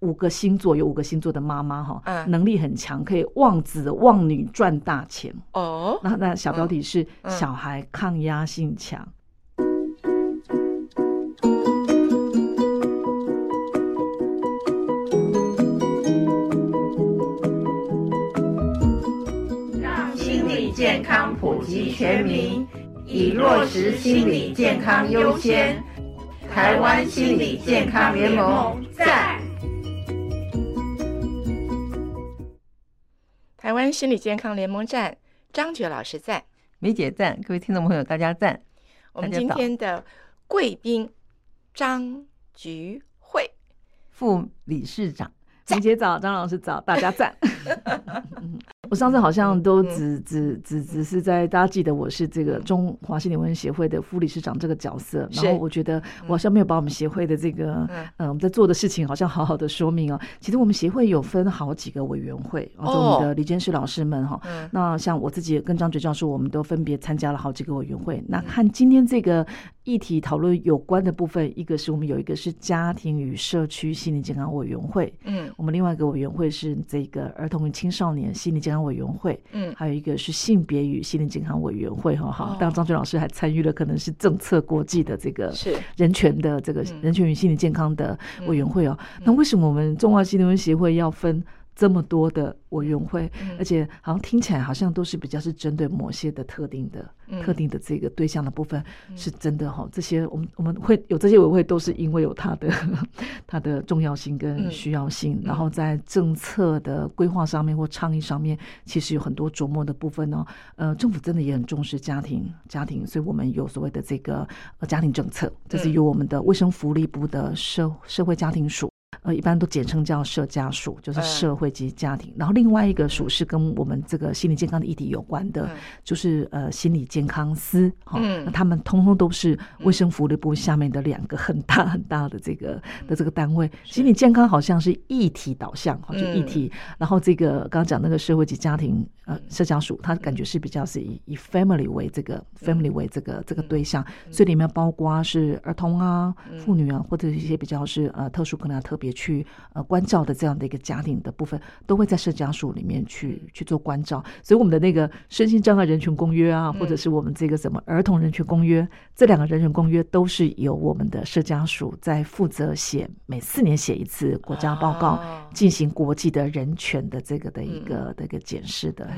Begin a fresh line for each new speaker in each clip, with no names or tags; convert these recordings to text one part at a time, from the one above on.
五個星座有五個星座的媽媽哈，嗯、能力很強，可以望子望女賺大錢哦。那那小標題是小孩抗壓性強，
嗯嗯、讓心理健康普及全民，以落實心理健康優先，台灣心理健康聯盟。
歡迎心理健康聯盟
站張珏老師在，梅姐在，各位聽眾朋友大家讚。我們今天
的貴賓張菊惠，副
理事長，梅姐早，張老師早，大家讚。 我上次好像都只只只只是在大家記得我是這個中華心理衛生協會的副理事長這個角色，是然後我覺得我好像沒有把我們協會的這個嗯我們、嗯、在做的事情好像好好的說明哦。其實我們協會有分好幾個委員會，我們的理監事老師們哈，那像我自己跟張珏教授，我們都分別參加了好幾個委員會。嗯、那和今天這個議題討論有關的部分，嗯、一個是我們有一個是家庭與社區心理健康委員會，嗯，我們另外一個委員會是這個兒童青少年心理健康。委員會，嗯，還有一個是性別與心理健康委員會，哈哈、嗯。當然，張珏老師還參與了，可能是政策國際的這個是人權的這個人權與心理健康的委員會哦。嗯嗯、那為什麼我們中華心理衛生協會要分這麼多的委員會，嗯、而且好像聽起來好像都是比較是針對某些的特定的，嗯、特定的這個對象的部分，嗯、是真的哈、哦。這些我們我們會有這些委員會，都是因為有它的它的重要性跟需要性。嗯、然後在政策的規劃上面或倡議上面，其實有很多琢磨的部分呢、哦。呃，政府真的也很重視家庭，家庭，所以我們有所謂的這個呃家庭政策，這，就是由我們的衛生福利部的社、嗯、社會家庭署。一般都簡稱叫社家署，就是社會及家庭。嗯、然後另外一個署是跟我們這個心理健康的議題有關的，嗯、就是呃心理健康司哈。哦嗯、那他們通通都是衛生福利部下面的兩個很大很大的這個、嗯、的這個單位。是心理健康好像是議題導向哈，就議題，嗯、然後這個剛剛講那個社會及家庭呃社家署，他感覺是比較是以以 family 為這個 family 為這個、嗯、這個對象，所以裡面包括是兒童啊、婦女啊，嗯、或者一些比較是呃特殊可能特別。去呃關照的這樣的一個家庭的部分，都會在社家署裡面去去做關照。所以我們的那個身心障礙人權公約啊，或者是我們這個什麼兒童人權公約，這兩個人權公約都是由我們的社家署在負責寫，每四年寫一次國家
報告，進行國際的人權的這個的一個的一個檢視的。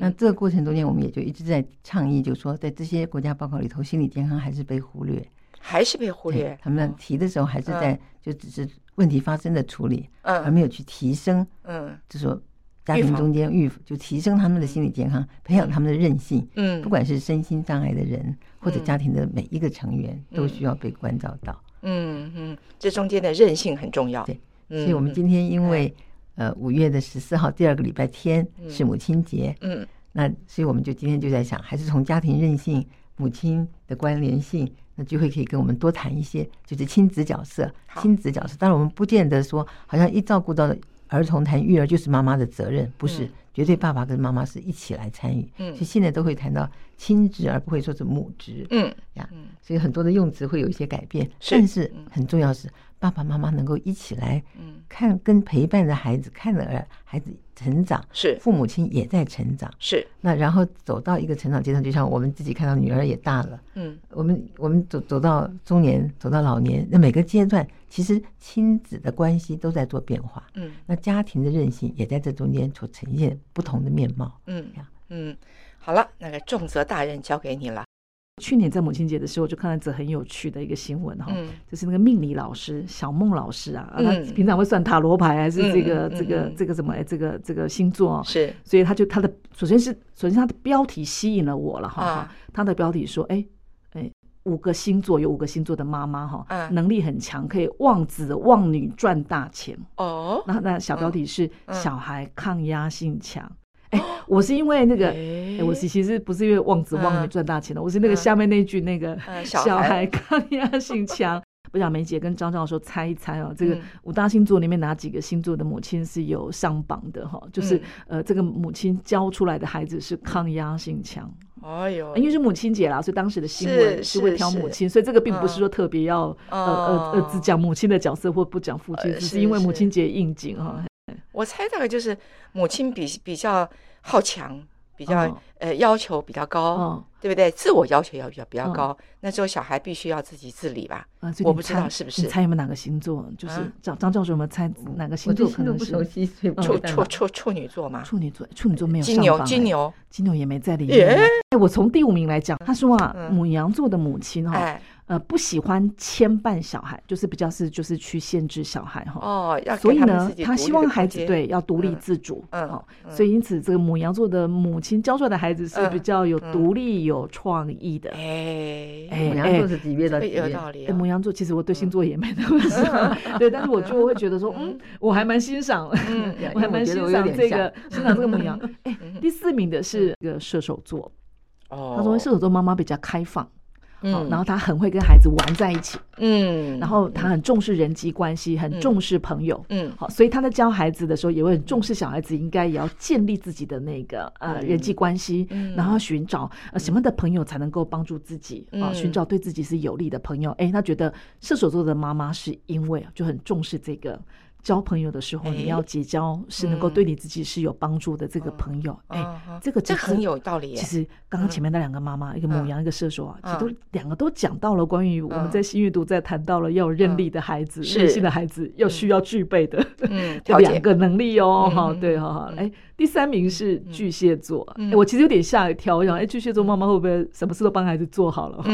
那這個過程中間，我們也就一直在倡議，就是說在這些國家報告裡頭，心理健康還是被忽略，
還是被忽略。
他們提的時候還是在就只是。問題發生的處理，嗯，而沒有去提升，嗯，就說家庭中間預就提升他們的心理健康，培養他們的韌性，嗯，不管是身心障礙的人或者家庭的每一個成員，都需要被關照到，嗯
嗯，這中間的韌性很重要，對，所以我們今
天因為呃五月的十四號第二個禮拜天是母親節，嗯，那所以我們就今天就在想，還是從家庭韌性、母親的關聯性。那就會可以跟我們多談一些，就是親子角色、親子角色。當然，我們不見得說，好像一照顧到兒童談育兒就是媽媽的責任，不是絕對。爸爸跟媽媽是一起來參與，嗯，所以現在都會談到。親職，而不會說是母職。嗯，呀，所以很多的用詞會有一些改變，但是很重要是爸爸媽媽能夠一起來，嗯，看跟陪伴着孩子，看着孩子成長，是父母親也在成長，是那然後走到一個成長階段，就像我們自己看到女兒也大了，嗯，我們我們走走到中年，走到老年，那每個階段其實親子的關係都在做變化，嗯，那家庭的韌性也在這中間所呈現不同的面貌，嗯，嗯。
好了，那個重責大任交給你了。去年在母親節的時候，我就看到一則很
有趣的一個新聞哈，就是那個命理老師小孟老師啊，他平常會算塔羅牌，還是這個這個這個什麼？哎，這個這個星座哦，是，所以他就他的首先是首先他的標題吸引了我了哈，他的標題說，哎哎，五個星座有五個星座的媽媽哈，能力很強，可以望子望女賺大錢哦。那那小標題是小孩抗壓性強。欸、我是因為那個、欸欸，我是其實不是因為望子望女賺大錢了，嗯、我是那個下面那句那個小孩抗壓性強，不、嗯、想梅姐跟張教授猜一猜哦、喔，嗯、這個五大星座裡面哪幾個星座的母親是有上榜的哈、喔？嗯、就是呃，這個母親教出來的孩子是抗壓性強。哎、哦、呦、欸，因為是母親節啦，所以當時的新聞是會挑母親，是是是，所以這個並不是說特別要、嗯、呃呃呃只講母親的角色或不講父親，呃、是是只是因為母親節應景哈、喔。
我猜大概就是母親比比較好強，比較呃要求比較高，對不對？自我要求要比較比較高，那之後小孩必須要自己自理吧？我不知道是不是？你猜有沒
有哪個星座？就是張張教授有沒有猜哪個星座？我星座不熟悉，處處處
處女座嘛？處
女座，處女座沒有。金牛，金牛，金牛也沒在裡面。我從第五名來講，他說啊，牡羊座的母親哦，呃，不喜歡牽絆小孩，就是比較是就是去限制小孩哈。
哦，所以呢，他希望孩子對
要獨立自主。嗯，所以因此，這個牡羊座的母親教出來的孩子是比較有獨立、有創意的。哎，牡羊座是幾遍到幾遍？有道理。牡羊座，其實我對星座也沒那麼的，對，但是我就會覺得說，嗯，我還蠻欣賞，我還蠻欣賞這個，欣賞這個牡羊。哎，第四名的是一個射手座。哦，他說射手座媽媽比較開放。嗯、然後他很會跟孩子玩在一起，嗯，
然後
他很重視人際關係，很重視朋友，嗯，好，所以他在教孩子的時候也會很重視小孩子應該也要建立自己的那個、嗯、呃人際關係，嗯、然後尋找、嗯、什麼的朋友才能夠幫助自己啊，嗯、尋找對自己是有利的朋友。哎、嗯，他覺得射手座的媽媽是因為就很重視這個。交朋友的時候，你要結交是能夠對你自己是有幫助的這個朋友。哎，
這個這很
有道理。其實剛剛前面那兩個媽媽，一個牡羊，一個射手啊，都兩個都講到了關於我們在新月讀在談到了要韌力的孩子，韌性的孩子要需要具備的兩個能力哦。對，哈哈。哎，第三名是巨蟹座。我其實有點嚇一跳，我想哎，巨蟹座媽媽會不會什麼事都幫孩子做好了？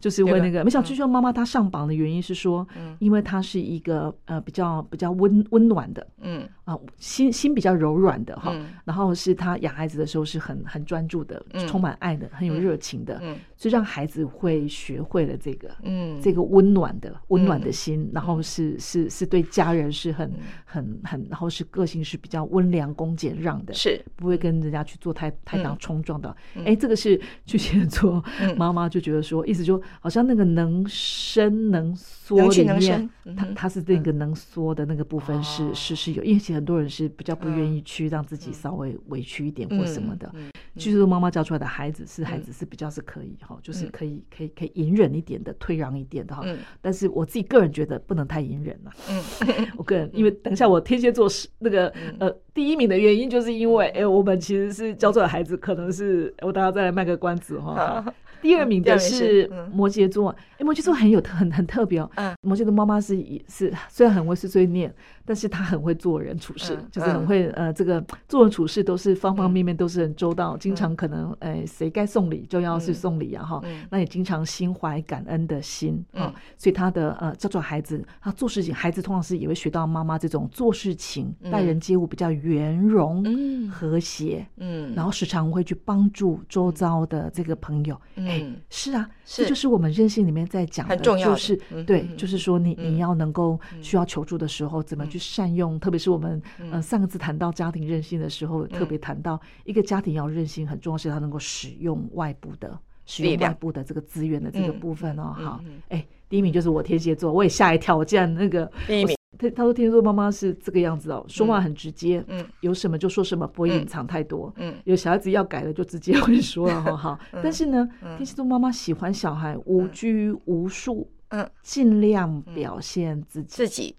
就是因為那個，沒想到巨蟹媽媽她上榜的原因是說，因為她是一個呃比較比較溫。溫溫暖的，嗯啊，心心比較柔軟的哈，然後是他養孩子的時候是很很專注的，充滿愛的，很有熱情的，嗯，所以讓孩子會學會了這個，嗯，這個溫暖的溫暖的心，然後是是是對家人是很很很，然後是個性是比較溫良恭儉讓的，是不會跟人家去做太太大衝撞的，哎，這個是巨蟹座媽媽就覺得說，意思說好像那個能伸能縮裡面，他他是那個能縮的那個部。分是是是有，因為其實很多人是比較不願意去讓自己稍微委屈一點或什麼的。其、嗯嗯嗯、說媽媽教出來的孩子是孩子是比較是可以哈，嗯、就是可以可以可以隱忍一點的、退讓一點的哈。嗯、但是我自己個人覺得不能太隱忍了，啊。嗯， 我個人因為等一下我天蠍座是那個、嗯、呃第一名的原因，就是因為哎、欸，我們其實是教出來的孩子，可能是我等一下再來賣個關子哈。第二名的是摩羯座，哎，摩羯座很有特很很特別哦。摩羯座媽媽是是雖然很會碎碎念，但是她很會做人處事，就是很會呃，這個做人處事都是方方面面都是很周到。經常可能哎，誰該送禮就要去送禮啊哈，那也經常心懷感恩的心啊，所以她的呃，這種孩子她做事情，孩子通常是也會學到媽媽這種做事情、待人接物比較圓融、和諧，嗯，然後時常會去幫助周遭的這個朋友，嗯。是啊，這就是我們韌性裡面在講，很重要，就是對，就是說你你要能夠需要求助的時候，怎麼去善用，特別是我們呃上次談到家庭韌性的時候，特別談到一個家庭要韌性很重要是他能夠使用外部的，使用外部的這個資源的這個部分哦。好，哎，第一名就是我天蠍座，我也嚇一跳，我竟然那個第一名。他他說天蠍座媽媽是這個樣子哦，說話很直接，嗯，嗯有什麼就說什麼，不會隱藏太多，嗯，嗯有小孩子要改的就直接會說了哈，好，嗯、但是呢，天蠍座媽媽喜歡小孩無拘無束，嗯，盡量表現自己，嗯嗯、自己，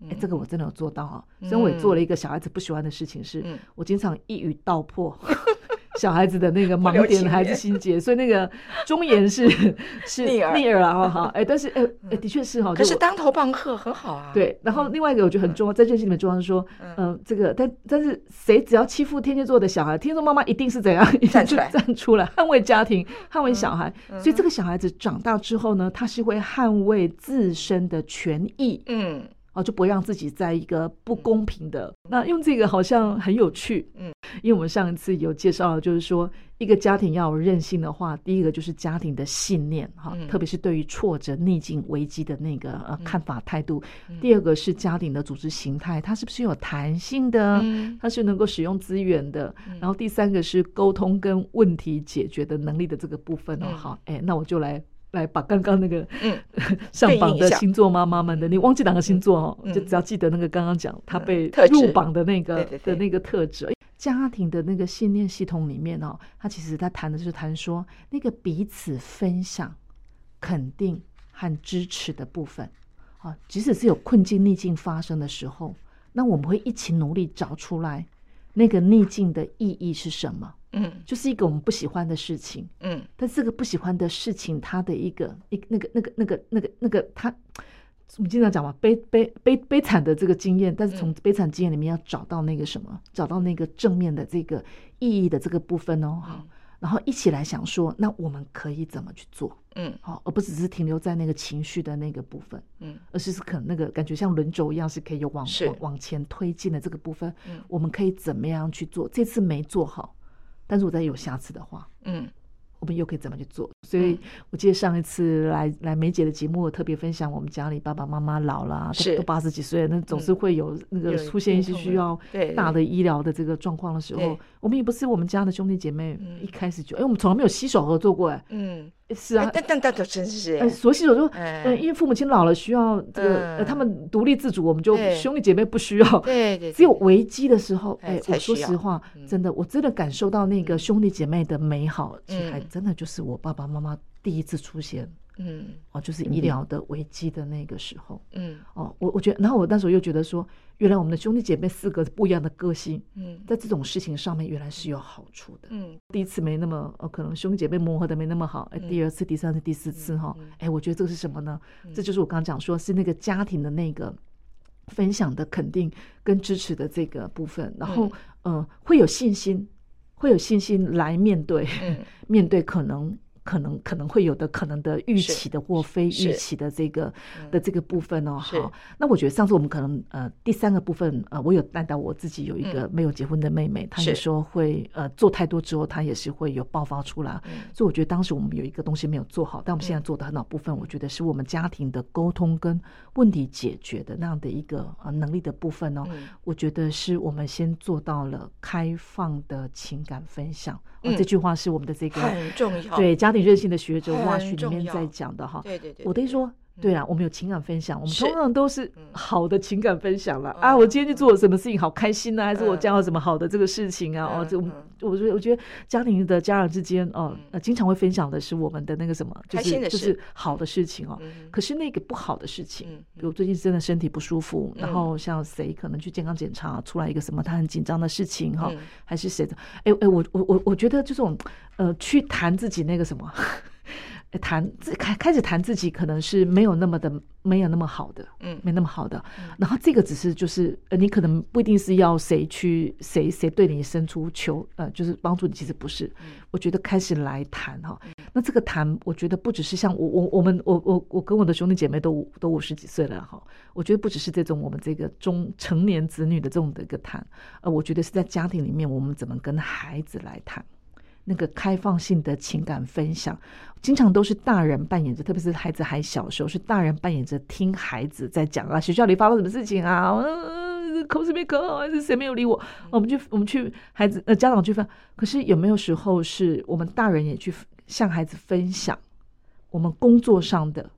嗯，這個我真的有做到哦。所以我也做了一個小孩子不喜歡的事情是，是、嗯、我經常一語道破。嗯嗯 小孩子的那個盲點還是心結，所以那個忠言是是逆耳啊哈哎，但是呃的確是哈，可是當
頭棒喝很好啊。
對，然後另外一個我覺得很重要，在韌性裡面重要是說，嗯，這個但但是誰只要欺負天蠍座的小孩，天蠍座媽媽一定是怎樣站出來，站出來捍衛家庭，捍衛小孩。所以這個小孩子長大之後呢，他是會捍衛自身的權益，嗯，哦就不會讓自己在一個不公平的。那用這個好像很有趣，嗯。因為我們上一次有介紹，就是說一個家庭要有韌性的話，第一個就是家庭的信念哈，特別是對於挫折、逆境、危機的那個呃看法態度；第二個是家庭的組織形態，它是不是有彈性的，它是能夠使用資源的；然後第三個是溝通跟問題解決的能力的這個部分哦。好，欸，那我就來來把剛剛那個上榜的星座媽媽們的，你忘記哪個星座哦？就只要記得那個剛剛講他被入榜的那個的那個特質。家庭的那個信念系統裡面哦，他其實他談的就是談說那個彼此分享、肯定和支持的部分。啊，即使是有困境、逆境發生的時候，那我們會一起努力找出來那個逆境的意義是什麼。嗯，就是一個我們不喜歡的事情。嗯，但這個不喜歡的事情，它的一個一個那個、那個、那個、那個、那個，它。我們經常講嘛，悲悲悲悲慘的這個經驗，但是從悲慘經驗裡面要找到那個什麼，嗯、找到那個正面的這個意義的這個部分哦，嗯、好，然後一起來想說，那我們可以怎麼去做？嗯，好，而不只是停留在那個情緒的那個部分，嗯，而是是可能那個感覺像輪軸一樣是可以有往是往前推進的這個部分，嗯，我們可以怎麼樣去做？這次沒做好，但是我再有下次的話，嗯。嗯我們又可以怎麼去做？所以，我記得上一次來來梅姐的節目，我特別分享我們家裡爸爸媽媽老了，是都八十幾歲，那總是會有那個出現一些需要大的醫療的這個狀況的時候，我們也不是我們家的兄弟姐妹、嗯、一開始就哎、欸，我們從來沒有攜手合作過、欸、嗯。
是啊，欸、但但但都真是。欸、所以我說，呃、欸，因
為父母親老了需要這個，嗯呃、他們獨立自主，我們就兄弟姐妹不需要。對對、欸。只有危機的時候，哎，欸、我說實話，嗯、真的，我真的感受到那個兄弟姐妹的美好，嗯、其實還真的就是我爸爸媽媽第一次出現。嗯，哦，就是醫療的危機的那個時候，嗯，哦，我我覺得，然後我那時候又覺得說，原來我們的兄弟姐妹四個不一樣的個性，嗯，在這種事情上面，原來是有好處的，嗯，第一次沒那麼、哦，可能兄弟姐妹磨合的沒那麼好，哎，第二次、第三次、第四次哈、嗯哦，哎，我覺得這是什麼呢？嗯、這就是我剛剛講說是那個家庭的那個分享的肯定跟支持的這個部分，然後嗯、呃，會有信心，會有信心來面對，嗯、 面對可能。可能可能會有的可能的預期的或非預期的這個的這個部分哦，是好，那我覺得上次我們可能呃第三個部分呃，我有帶到我自己有一個沒有結婚的妹妹，嗯、她也說會是呃做太多之後，她也是會有爆發出來，嗯、所以我覺得當時我們有一個東西沒有做好，但我們現在做的很好部分，我覺得是我們家庭的溝通跟問題解決的那樣的一個呃能力的部分哦，嗯、我覺得是我們先做到了開放的情感分享。哦嗯、這句話是我們的這個重對，對家庭韌性的學者哇學裡面在講的哈。對對對，對對對，我的意思說。對啊，我們有情感分享，我們通常都是好的情感分享了啊，我今天去做了什麼事情，好開心啊，還是我講有什麼好的這個事情啊。哦，我我我覺得家庭的家人之間，哦，經常會分享的是我們的那個什麼，就是就是好的事情哦。可是那個不好的事情，比如最近真的身體不舒服，然後像誰可能去健康檢查出來一個什麼他很緊張的事情哈，還是誰的？哎哎，我我我我覺得這種呃，去談自己那個什麼。談開開始談自己，可能是沒有那麼的，沒有那麼好的，嗯，沒那麼好的。嗯、然後這個只是就是，呃，你可能不一定是要誰去誰誰對你伸出求，呃，就是幫助你，其實不是。嗯、我覺得開始來談哈，那這個談，我覺得不只是像我我我們我我我跟我的兄弟姐妹都都五十幾歲了哈，我覺得不只是這種我們這個中成年子女的這種的一個談，呃，我覺得是在家庭裡面我們怎麼跟孩子來談。那個開放性的情感分享，經常都是大人扮演着，特別是孩子還小時候，是大人扮演着聽孩子在講啊，學校裡發生什麼事情啊，啊啊啊口子沒口，還是誰沒有理我？我們去，我們去，孩子呃，家長去分。可是有沒有時候是我們大人也去向孩子分享我們工作上的？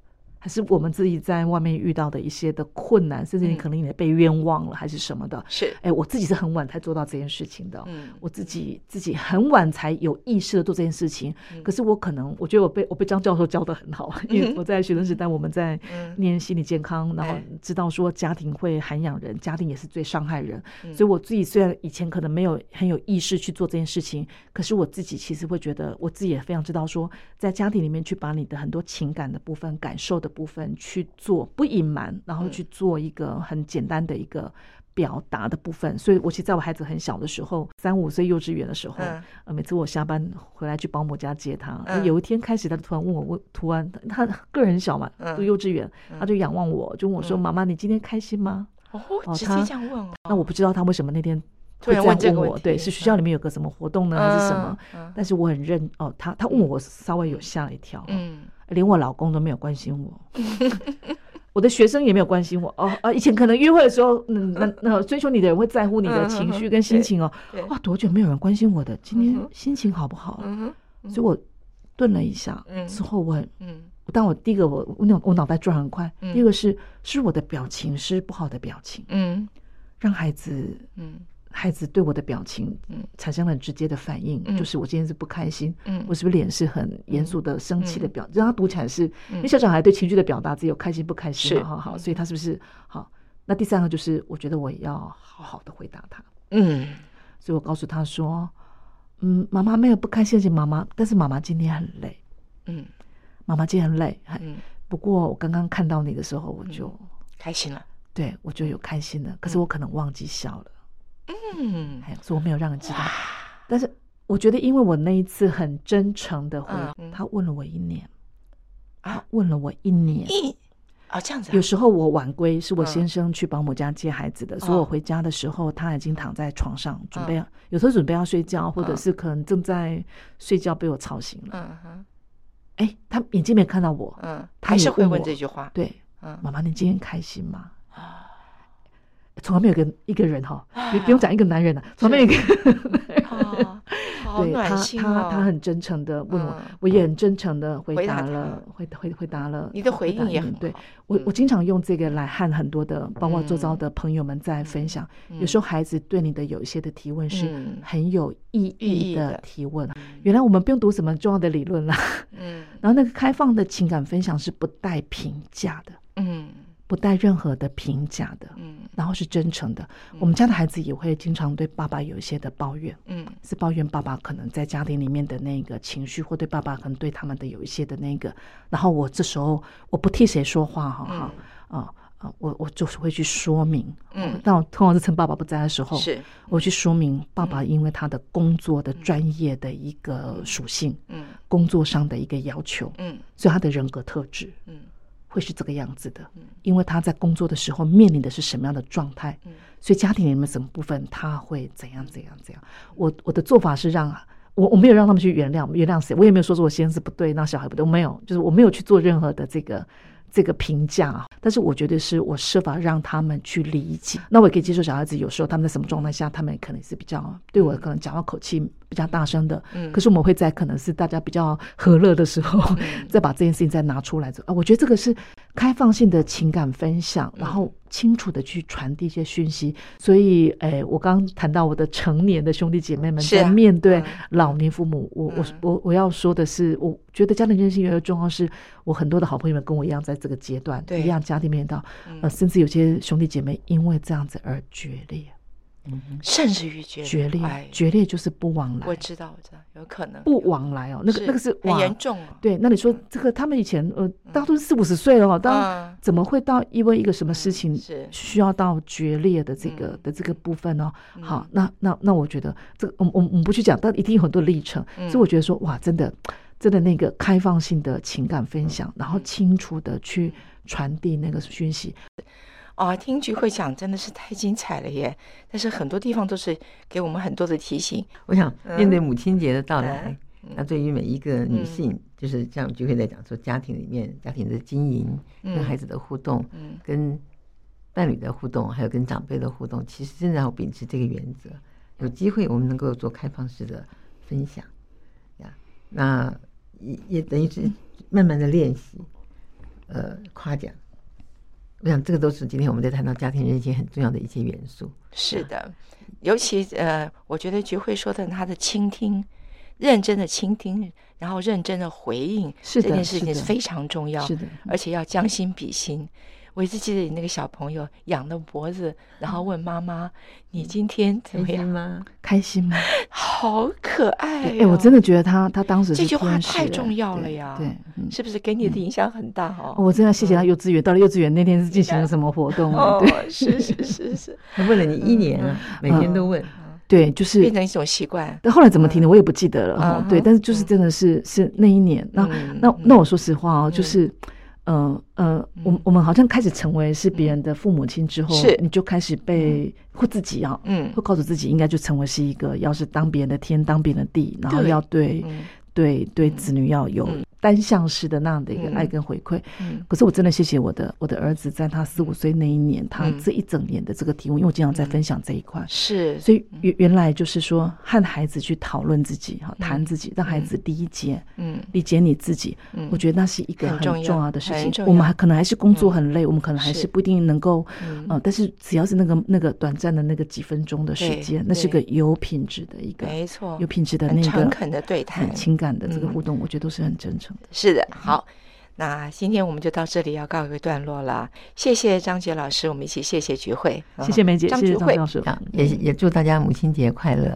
還是我們自己在外面遇到的一些的困難，甚至你可能也被冤枉了，還是什麼的？是、嗯，哎、欸，我自己是很晚才做到這件事情的。嗯，我自己、嗯、自己很晚才有意識的做這件事情。嗯、可是我可能我覺得我被我被張教授教得很好，因為我在學生時代我們在念心理健康，嗯、然後知道說家庭會涵養人，嗯、家庭也是最傷害人。嗯、所以我自己雖然以前可能沒有很有意識去做這件事情，嗯、可是我自己其實會覺得我自己也非常知道說，在家庭裡面去把你的很多情感的部分、感受的部分。部分去做，不隱瞞，然後去做一個很簡單的一個表達的部分。所以，我其實在我孩子很小的時候，三五歲幼稚園的時候，每次我下班回來去保姆家接他，有一天開始，他突然問我，問突然他個人很小嘛，讀幼稚園，他就仰望我，就問我說：“媽媽，你今天開心嗎？”哦，
直接這樣問
哦。那我不知道他為什麼那天突然問我，對，是學校裡面有個什麼活動呢，還是什麼？但是我很認哦，他他問我，稍微有嚇了一跳，嗯。連我老公都沒有關心我， 我的學生也沒有關心我。哦，啊、以前可能約會的時候，那、嗯、那、嗯、追求你的人會在乎你的情緒跟心情、嗯嗯嗯嗯、跟心情哦。哇，多久沒有人關心我的？今天心情好不好？嗯嗯、所以我頓了一下，嗯、之後問，
但、
嗯嗯、我，我第一個我，我我腦我腦袋轉很快。嗯、第一個是是我的表情是不好的表情，嗯，讓孩子，嗯。孩子對我的表情產生了很直接的反應，就是我今天是不開心，我是不是臉是很嚴肅的、生氣的表，讓他讀起來是，因為小小孩對情緒的表達只有開心、不開心，好好，所以他是不是好？那第三個就是，我覺得我要好好的回答他。嗯，所以我告訴他說：“嗯，媽媽沒有不開心，媽媽，但是媽媽今天很累。嗯，媽媽今天很累。
嗯，
不過我剛剛看到你的時候，我就開心了。對，我就有開心了，可是我可能忘記笑了。”嗯，所以我沒有讓你知道，但是我覺得，因為我那一次很真誠的回，他問了我一年啊，問了我一年，
啊，這樣
子。有時候我晚歸，是我先生去保姆家接孩子的，所以我回家的時候，他已經躺在床上準備要，有時候準備要睡覺，或者是可能正在睡覺被我吵醒
了。
嗯哼，哎，他眼睛沒看到我，嗯，他還是會問這句話，對，嗯，媽媽，你今天開心嗎？從來沒有一個人哈，你不用講一個男人吶，旁邊一個，
對，
他他他很真誠的問我，我也很真誠的回答了，回回回答了，你的回應也很對。我我經常用這個來和很多的，包括周遭的朋友們在分享，有時候孩子對你的有一些的提問是很有意義的提問，原來我們不用讀什麼重要的理論了，嗯，然後那個開放的情感分享是不帶評價的，嗯。不帶任何的評價的，嗯、然後是真誠的。嗯、我們家的孩子也會經常對爸爸有一些的抱怨，嗯、是抱怨爸爸可能在家庭裡面的那個情緒，或對爸爸可能對他們的有一些的那個。然後我這時候我不替誰說話好好，哈哈、嗯，啊啊、呃呃，我我就是會去說明，嗯，但我通常是趁爸爸不在的時候，是，我去說明爸爸因為他的工作的專業的一個屬性，嗯，工作上的一個要求，嗯，所以他的人格特質，嗯。會是這個樣子的，因為他在工作的時候面臨的是什麼樣的狀態，嗯、所以家庭裡面什麼部分他會怎樣怎樣怎樣。我我的做法是讓，我我沒有讓他們去原諒，原諒誰？我也沒有說是我先生是不對，那小孩不對，我沒有，就是我沒有去做任何的這個這個評價。但是我覺得是我設法讓他們去理解，那我也可以接受小孩子有時候他們在什麼狀態下，他們可能是比較對我可能講話口氣，比較大聲的，嗯、可是我們會在可能是大家比較和樂的時候，嗯、再把這件事情再拿出來。啊、嗯呃，我覺得這個是開放性的情感分享，嗯、然後清楚的去傳遞一些訊息。嗯、所以，哎、欸，我剛談到我的成年的兄弟姐妹們在面對老年父母，啊、我、嗯、我我我要說的是，我覺得家庭韌性越來越重要是。是我很多的好朋友們跟我一樣在這個階段，對一樣家庭面對，嗯、呃，甚至有些兄弟姐妹因為這樣子而決裂。
甚至於決決裂，
決裂就是不往來。我
知道，我知道，有可能不
往來哦。那個，那個是很嚴重。對，那你說這個，他們以前呃，大多數四五十歲了哦，當怎麼會到因為一個什麼事情需要到決裂的這個的這個部分呢？好，那那那，我覺得這個，我我我們不去講，但一定有很多歷程。所以我覺得說，哇，真的，真的那個開放性的情感分享，然後清楚的去傳遞那個訊息。
哦，聽菊惠講真的是太精彩了耶！但是很多地方都是給我們很多的提醒。
我想面對母親節的到來，嗯、那對於每一個女性，嗯、就是像菊惠在講說家庭裡面、家庭的經營、跟孩子的互動、嗯、跟伴侶的互動，還有跟長輩的互動，其實真的要秉持這個原則。有機會我們能夠做開放式的分享呀，那也也等於是慢慢的練習，嗯、呃，誇獎。我想，這個都是今天我們在談到家庭韌性很重要的一些元素。
是的，尤其呃，我覺得菊惠說的他的傾聽，認真的傾聽，然後認真的回應，是的這件事情是非常重要。是的，是的，而且要將心比心。的我一直記得你那個小朋友仰着脖子，然後問媽媽：“你今天怎麼樣嗎？開心嗎？”好可愛！哎，我真
的覺得他他當時這句話太重
要了呀，對，是不是給你的影響很大
哦？我真的謝謝他。幼稚園到了幼稚園那天是進行了什麼活動？哦，是是是是，他問
了你一年，每天都問，對，就是變成一種習慣。
但後來怎麼停的我也不記得了。對，但是就是真的是是那一年，那那那我說實話哦，就是。嗯嗯，嗯嗯我我們好像開始成為是別人的父母親之後，是你就開始被會、嗯、自己啊，嗯，會告訴自己應該就成為是一個，要是當別人的天，當別人的地，對然後要對、嗯、對對子女要有，嗯嗯單向式的那樣的一個愛跟回饋，可是我真的謝謝我的我的兒子，在他四五歲那一年，他這一整年的這個提問，因為我經常在分享這一塊，是，所以原原來就是說和孩子去討論自己，哈，談自己，讓孩子理解，嗯，理解你自己，我覺得那是一個很重要的事情。我們還可能還是工作很累，我們可能還是不一定能夠，嗯，但是只要是那個那個短暫的那個幾分鐘的時間，那是個有品質的一個，沒錯，有品質的那個很誠懇的
對談，很情
感的這個互動，我覺得都是很正常。
是的，好，那今天我們就到這裡要告一個段落了。謝謝張珏老師，我們一起謝謝菊惠，謝謝梅姐，謝謝張老師，嗯、也也
祝大家母親節快樂。